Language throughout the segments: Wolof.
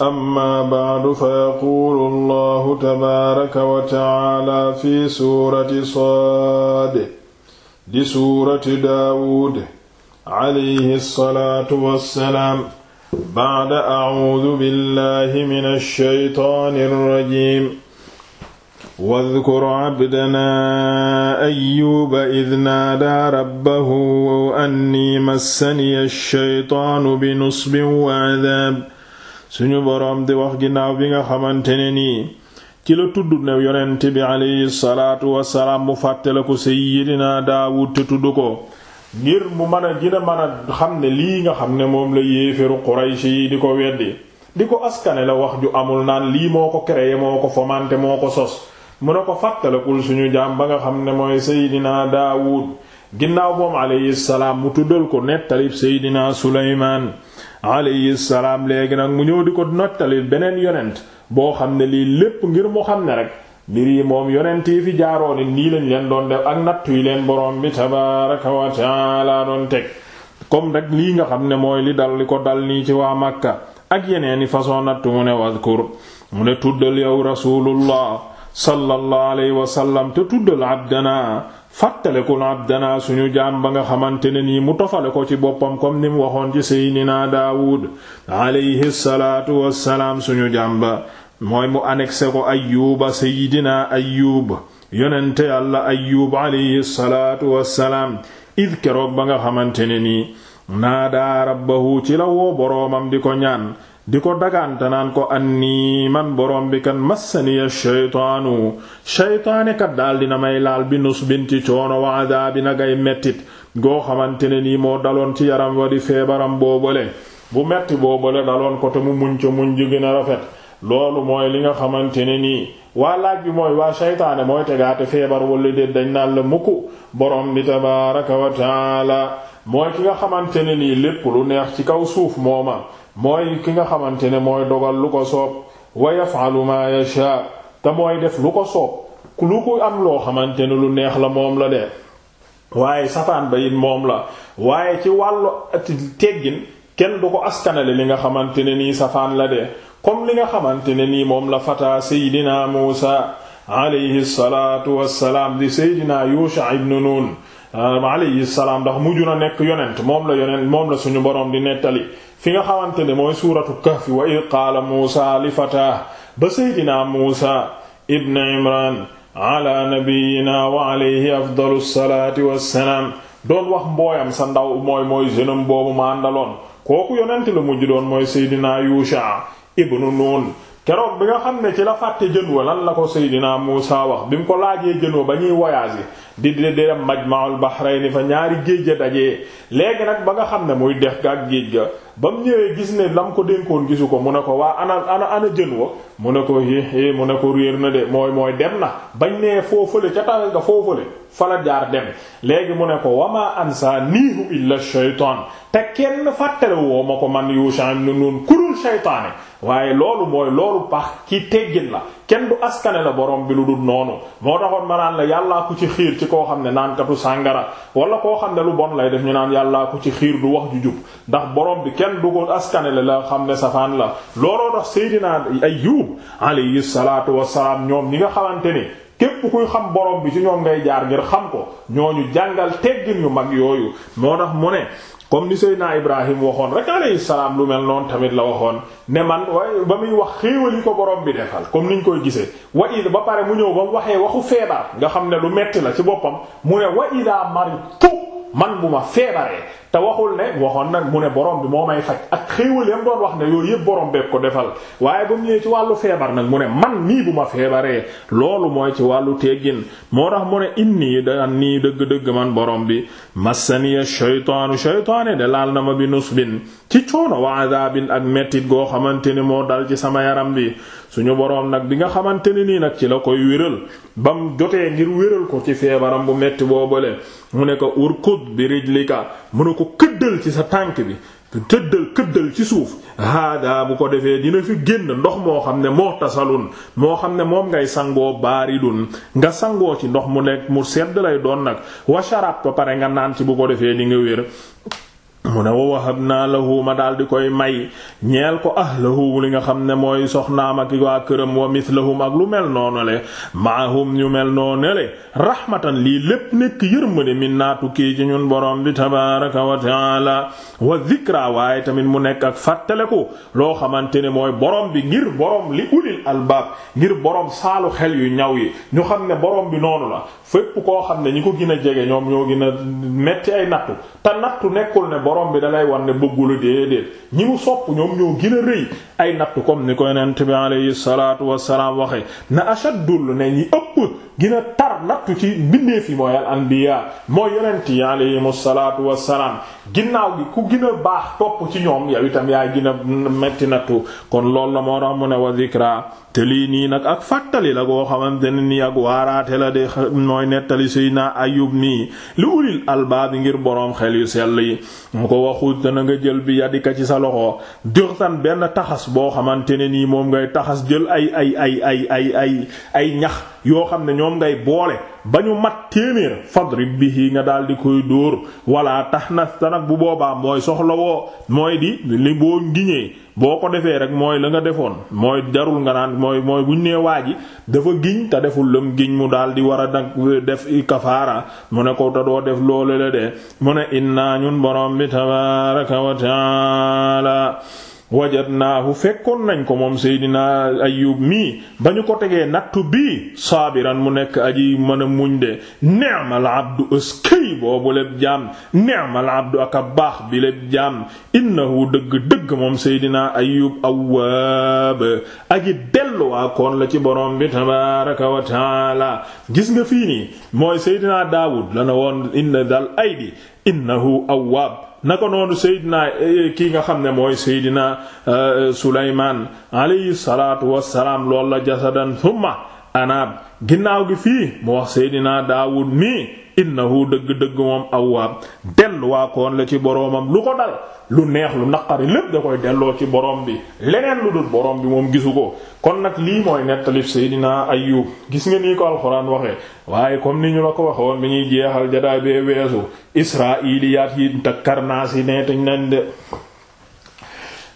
amma ba'du fa yaquulu allahu tabaaraka wa ta'aala fi suurati saad di suurati daawuud alayhi salaatu wassalaam ba'da a'uudu billahi minash shaytaanir rajiim wadkur cabdanaa ayyuuba id naadaa rabbahu annii massaniya shaytaanu binusbin wa cadaab suñu boroom di wax ginnaaw bi nga xamante ne nii ci la tudd ne yonent bi aleyhi salaatu wasalaam mu fàttale ko seyyidina daawud te tudd ko ngir mu mën a gën a xam ne lii nga xam ne moom la yéeféru Quraysh yi di ko weddi di ko askane la wax ju amul naan lii moo ko créé moo ko fomante moo ko sos mu ne ko fàttalekul suñu jaam ba nga xam ne mooy seydinaa daawud ginnaaw moom alayhi salaam mu tuddal ko nettalib seydinaa suleymaan alayhi salaam léegi nag mu ñëw di ko nottalil beneen yonent boo xam ne lii lépp ngir mu xam ne rek mbir yi moom yonent yi fi jaaroon nii lañ leen doon def ak nattu yi leen boroom bi tabaaraka wa taala doon teg comme rek lii nga xam ne mooy li dal li ko dal nii ci waa Makka ak yeneeni façon nattu mu ne wadkur mu ne tuddal yow rasulullah sallallahu alayhi wa sallam te tuddal abdana fàttalekul abdanaa suñu jaam ba nga xamante ne nii mu tofale ko ci boppam comme ni mu waxoon ci seydinaa daawud alayhi salaatu wassalaam suñu jaam ba mooy mu annexé ko ayyuba seydinaa ayyub yonente yàlla ayyub alayhi salaatu wassalaam id keroog ba nga xamante ne nii naadaa rabbahu ci la woo boroomam di ko ñaan di ko dagante naan ko anni man borom bi kan massaniya shaytaanu shaytaane kat daal dina may laal bi nus binti coono wa adaabi nag ay mettit goo xamante ne nii moo daloon ci yaram wa di feebaram boobale bu metti boobale daloon ko te mu muñ ca muñ ji gën rafet loolu mooy li nga xamante ne nii waa laaj bi mooy waa shaytaane mooy tegaate feebar wala déet dañ naan la mukk borom bi tabaaraka wa taala mooy ki nga xamante ne nii lépp lu neex ci kaw suuf mooma mooy ki nga xamante ne mooy dogal lu ko soob wa yaf'alu ma yasha te mooy def lu ko soob lu ko am loo xamante ne lu neex la moom la de waaye safaan ba it moom la waaye ci wàllu teggin kenn du ko askanale li nga xamante ne nii safaan la de comme li nga xamante ne nii moom la fata seydina Muusa alayhi salaatu wassalaam di seydina Yuusha ibnu Nuun alayhi salaam ndax mujj na nekk yonent moom la yonent moom la suñu boroom di nettali fi nga xamante ne mooy suuratu kahfi wa id qaala muusa li fatah ba seydina muusa ibn imran ala nabiyina wa alayhi afdalu salaati wassalaam doon wax mbooyam sa ndaw mooy mooy jeunem boobu ma kooku yonente la mujj doon mooy seydina yusha ibnu nun keroog bi nga xam ne ci la fàtte jën wa lan la ko Seydina Muusa wax bi mu ko laajee jën wa ba ñuy voyage di di dem Majma'ul Bahrayni fa ñaari géej ga dajee léegi nag ba nga xam ne muy dex ga ak géej ga ba mu ñëwee gis ne lam ko dénkoon gisu ko mu ne ko waa ana ana ana jën wa mu ne ko hé hé mu ne ko réer na de mooy mooy dem na bañ nee foofu fële ca tawel ga foo fële fala jaar dem léegi mu ne ko wamaa ansa niihu illa shaytaan te kenn fàttale woo ma ko man Yuusha ibn Nun kurul shaytaane waaye loolu mooy loolu pax ki teggin la kenn du askane la borom bi lu dul noonu moo taxoon ma naan la yàllaa ku ci xiir ci koo xam ne naankatu sàngara wala koo xam ne lu bon lay def ñu naan yàllaa ku ci xiir du wax ju jub ndax boroom bi kenn du ko askane la la xam ne safaan la looloo tax Seydina Ayyub alayhi salaatu wassalaam ñoom ñi nga xamante ni képp kuy xam borom bi ci ñoom ngay jaar ngir xam ko ñoo ñu jàngal teggin ñu mag yooyu moo tax mu ne comme ni Seydina Ibrahim waxoon rek alayhi salaam lu mel noonu tamit la waxoon ne man waaye ba muy wax xéewal yi ko borom bi defal comme ñu koy gisee wa id ba pare mu ñëw ba waxee waxu feebar nga xam ne lu metti la ci boppam mu ne wa ida mari man bu ma feebaree te waxul ne waxoon nag mu ne borom bi moo may faj ak xéewal yam doon wax ne yooyu yëpp borom beeg ko defal waaye ba mu ñëwee ci wàllu feebar nag mu ne man nii bu ma feebaree loolu mooy ci wàllu teggin moo tax mu ne inni daan nii dëgg-dëgg man borom bi massaniya shaytaanu shaytaane de laal na ma bi nusbin ci coono wa adabin ak mettit goo xamante ne moo dal ci sama yaram bi suñu boroom nag bi nga xamante ne nii nag ci la koy wéral ba mu jotee ngir wéral ko ci feebaram bu metti boobale mu ne ko urkud bi rijlika mu ne ko këddal ci sa tànk bi tëddal këddal ci suuf haada bu ko defee dina fi génn ndox moo xam ne moo tasalun moo xam ne moom ngay sangoo baaridun nga sangoo ci ndox mu nekk mu sedd lay doon nag washarab ba pare nga naan ci bu ko defee di nga wér mu ne wa wahabnaa lahu ma daal di koy may ñeel ko ahlahu li nga xam ne mooy soxnaam ak waa këram wa mithlahum ak lu mel noonu le maahum ñu mel noonu le rahmatan lii lépp nekk yërmande min naatu kii ci ñun borom bi tabaraka wa taala wa zikra tamit mu nekk ak fàttaleku loo xamante ne mooy borom bi ngir borom li ngir borom saalu xel yu ñaw yi ñu xam ne borom bi noonu la fépp koo xam ne ñi ko gën a jege ñoom ñoo gën a metti ay nattu te nattu nekkul ne borom bi dalay wan ne bëggula déedéet ñi mu sopp ñoom ñoo gën a rëy ay natt comme ni ko yonent bi alayhi salaatu wassalaam waxe na ashaddul ne ñi ëpp gina tar nattu ci mbindeef yi mooy al anbiya mooy yonent yi alayhimu salaatu wassalaam ginnaaw gi ku gina baax topp ci ñoom yow itam yaa gina metti nattu kon loolu la moo tax ne wa zikra te lii nii nag ak fàttali la goo xamante ne nii ak waaraate la de mooy nettali Seydina Ayub nii li ulil albaab ngir boroom xel yu sell yi mu ko waxu te na nga jël bi boo xamante ne nii moom ngay taxas jël ay ay ay ay ay ay ay ñax yoo xam ne ñoom ngay boole ba ñu mat téeméer bi bihi nga daal di koy dóor wala tax na nag bu boobaa mooy soxla woo mooy di li boo giñee boo ko defee rek mooy la nga defoon mooy jarul nga naan mooy mooy buñ ne waa ji dafa giñ te deful lam giñ mu daal di war a nag def kafaara mu ne ko te doo def loolu la de mu ne inna ñun borom bi tabaraka wa naa wajadnaahu fekkoon nañ ko moom seydinaa ayub mii ba ñu ko tegee nattu bii saabiran mu nekk aji mën muñ de ni'mal abdu ëskay cëy boobu lépp jaam ni'mal abdu ak baax bi lépp jaam innahu dëgg-dëgg moom seydinaa ayub awwaab aji delluwaakoon la ci boroom bi tabaaraka wa taala gis nga fii nii mooy seydinaa daawud la na woon inna dal aydi innahu awwaab naka noonu seydinaa eh, kii nga xam ne mooy seydina eh, sulaymaan alayhi salaatu wassalaam lool la jasadan thumma anaab ginnaaw gi fii mu wax daawud mi innahu dëgg-dëgg moom awwaab delluwaakoon la ci boroomam lu ko dal lu neex lu naqari lépp da koy delloo ci borom bi leneen lu dul borom bi moom gisu ko kon nag lii mooy nettalif Seydina Ayyub gis nga nii ko alxuraan waxee waaye comme ni ñu la ko waxoon bi ñuy jeexal jadaay bee weesu israiliyaat yi te karnaasi neetañ nañ de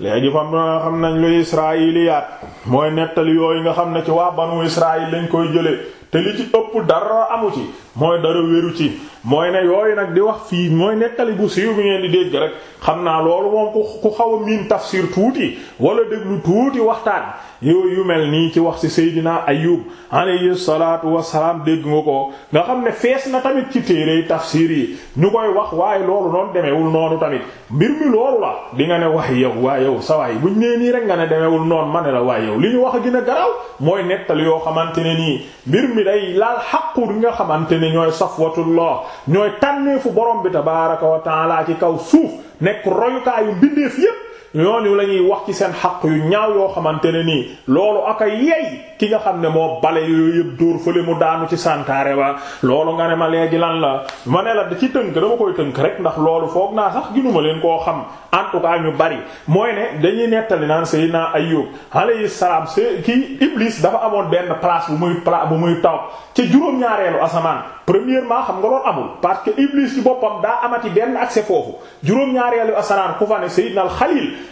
léegi fam na xam nañ lu israiliyaat mooy nettali yooyu nga xam ne ci waa banu israil lañ koy jëlee te li ci ëpp dara amu ci mooy dara wéru ci mooy ne yooyu nag di wax fii mooy nettali bu siiw bi ngeen di dégg rek xam naa loolu moom ku xaw a miin tafsir tuuti wala déglu tuuti waxtaan yooyu yu mel nii ci wax ci Seydina Ayyub alayhi salaatu wassalaam dégg nga ko nga xam ne fees na tamit ci téere tafsir yi ñu koy wax waaye loolu noonu demeewul noonu tamit mbir mi loolu la di nga ne wax yow waaye yow sa waay buñ nee nii rek nga ne demewul noonu ma ne la waaye yow li ñu wax gën a garaw mooy nettali yoo xamante ne nii mbir mi day laal xàqu di nga xamante ne ñooy safwatullah ñooy tànneefu borom bi tabaaraka wa taala ci kaw suuf nekk royukaayu mbindeef ñooñu la ñuy wax ci seen xaq yu ñaaw yoo xamante ne nii loolu aka yey ki nga xam ne moo bale yooyu yëpp dóor fële mu daanu ci santaare ba loolu nga ne ma léegi lan la ma ne la da ci tënk dama koy tënk rek ndax loolu foog naa sax ginuma leen koo xam en tout cas ñu bari mooy ne dañuy nettali naan Seydina Ayyub yi salaam se kii Iblis dafa amoon benn place bu muy place bu muy taw ci juróom-ñaareelu asamaan premièrement xam nga loolu amul parce que Iblis ci boppam daa amati benn accès foofu juróom-ñaareelu asamaan ku fa ne Seydina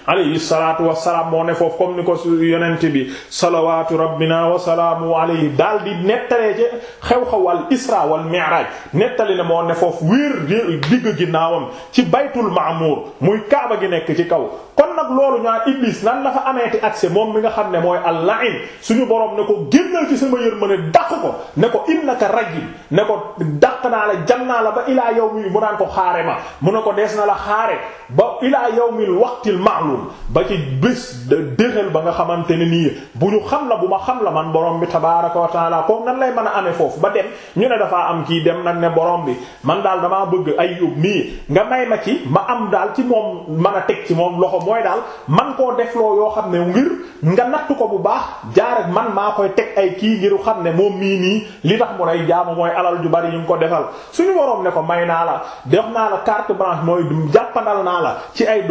alayhi wa wassalaam moo ne foofu comme ni ko yonent bi salawaatu rabbina wa salaamu alayhi daal di nettalee ci xew-xew wal isra wal mi'raj nettali ne moo ne foofu wéer digg ginnaawam ci baytul ma'mur muy kaaba gi nekk ci kaw kon nag loolu ñaa iblis nan la amee ameeti accès moom mi nga xam ne mooy al-la'in suñu boroom ne ko génnal ci sama yërmande dàq ko ne ko innaka rajim ne ko dàq naa la jam naa la ba ilaa yawmi mu naan ko xaare ma mu ne ko dees na la xaare ba maalum ba ci bés déxal ba nga xamante ne nii bu ñu xam la bu ma xam la man borom bi tabaaraka wa taala kooku nan lay man a amee foofu ba dem ñu ne dafaa am kii dem nag ne borom bi man daal damaa bëgg Ayyub mii nga may ma ci ma am daal ci moom man a teg ci moom loxo mooy daal man koo defloo yoo xam ne ngir nga natt ko bu baax jaar man maa koy teg ay kii ngiru xam ne moom mii nii li tax mu lay jaamu mooy alal ju bari ñu ngi ko defal suñu borom ne ko may naa la def naa la carte blanche mooy jàppandal naa la ci ay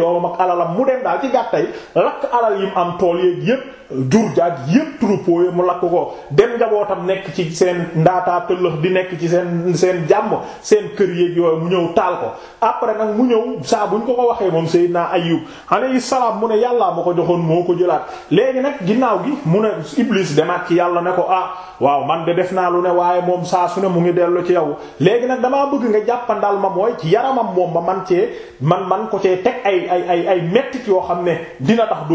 daal di gàttal lakk alal yi mu tool yeeg yépp jur jaag yépp troupeau yi mu lakk ko dem njabootam nekk ci seen ndaataa tëllëx di nekk ci seen seen jàmm seen kër yéeg yooyu mu ñëw taal ko après nag mu ñëw saa bu buñ ko ko waxee moom naa Seydina Ayyub alayhi salaam mu ne yàllaa ma ko joxoon moo ko jëlaat léegi nag ginnaaw gi mu ne Iblis demaat ci yàlla ne ko ah waaw man de def naa lu ne waaye moom saa su ne mu ngi dellu ci yow léegi nag damaa bëgg nga jàppandal ma mooy ci yaramam moom ma man cee man man ko teg ay ay ay ay mettit yoo xam ne dina tax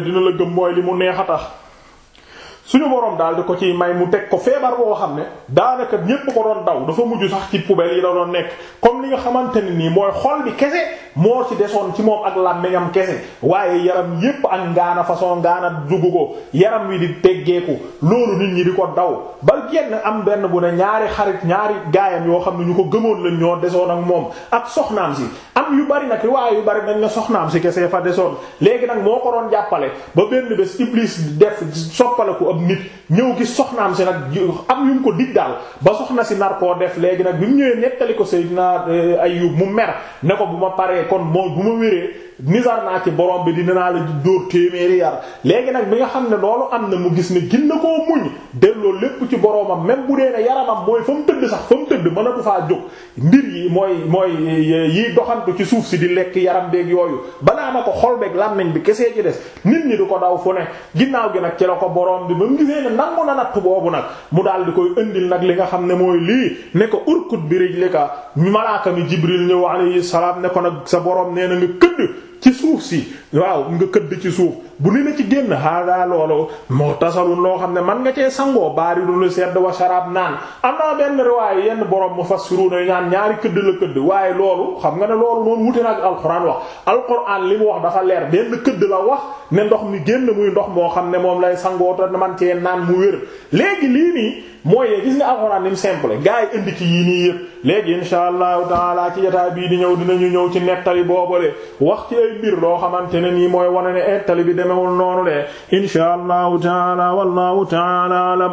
ne dina la gëm mooy li mu neex a tax suñu boroom daal di ko ciy may mu teg ko feebar boo xam ne daanaka ñépp ko doon daw dafa mujj sax ci poubelle yi la doon nekk comme li nga xamante ne nii mooy xol bi kese moo ci desoon ci moom ak làmmiñam kese waaye yaram yépp ak ngaana façon ngaana dugg ko yaram wi di teggeeku loolu nit ñi di ko daw ba génn am benn bu ne ñaari xarit ñaari gaayam yoo xam ne ñu ko gëmoon lañ ñoo desoon ak moom ak soxnaam si am yu bari nag riwaaya yu bari nañ na soxnaam si kese fa desoon léegi nag moo ko doon jàppale ba benn bés Iblis def soppale ko nit ñëw gis soxnaam si nag am yu ko dig daal ba soxna si nar koo def léegi nag bi mu ñëwee nettali ko Seydina eh, Ayyub mu mer ne ko bu ma paree kon mooy bu ma wéree nisar naa ci borom bi dina naa la dóor téeméeri yar léegi nag bi nga xam ne loolu am na mu gis ni gin na koo muñ delloo lépp ci boromam même bu dee ne yaramam mooy fa mu tëdd sax fa mu tëdd mënatu faa jóg mbir yi mooy mooy yiy doxantu ci suuf si di lekk yaram beeg yooyu balaa na ko xol beeg làmmiñ bi kesee ci des nit ñi du ko daw fu ne ginnaaw gi nag ci la ko borom bi ba mu gisee ne nangu na natt boobu nag mu daal di koy indil nag li nga xam ne mooy lii ne ko urkut bi rijlika malaaka mi Jibril ñëw alayhi salaam ne ko nag sa borom nee na nga këdd ci suuf si waaw nga këdd ci suuf bu ni la ci génn haadaa loolu moo tasalun loo xam ne man nga cee sangoo baari lu lu sedd wa sharab naan am naa benn riwaaya yenn borom mufassiruna ñaan ñaari këdd la këdd waaye loolu xam nga ne loolu noonu wute na ak alxuraan wax alxuraan li mu wax dafa leer benn këdd la wax ne ndox mi génn muy ndox moo xam ne moom lay sangoota man cee naan mu wér léegi lii nii mooy gis nga alxuraan ni mu simple gars yi indi ci yii nii yëpp léegi insha allahu taala ci jotaay bii di ñëw dinañu ñëw ci nettali boobale wax ci ay mbir loo xamante ne nii mooy wane ne nettali bi demewul noonu de insha allahu taala wallahu taala alam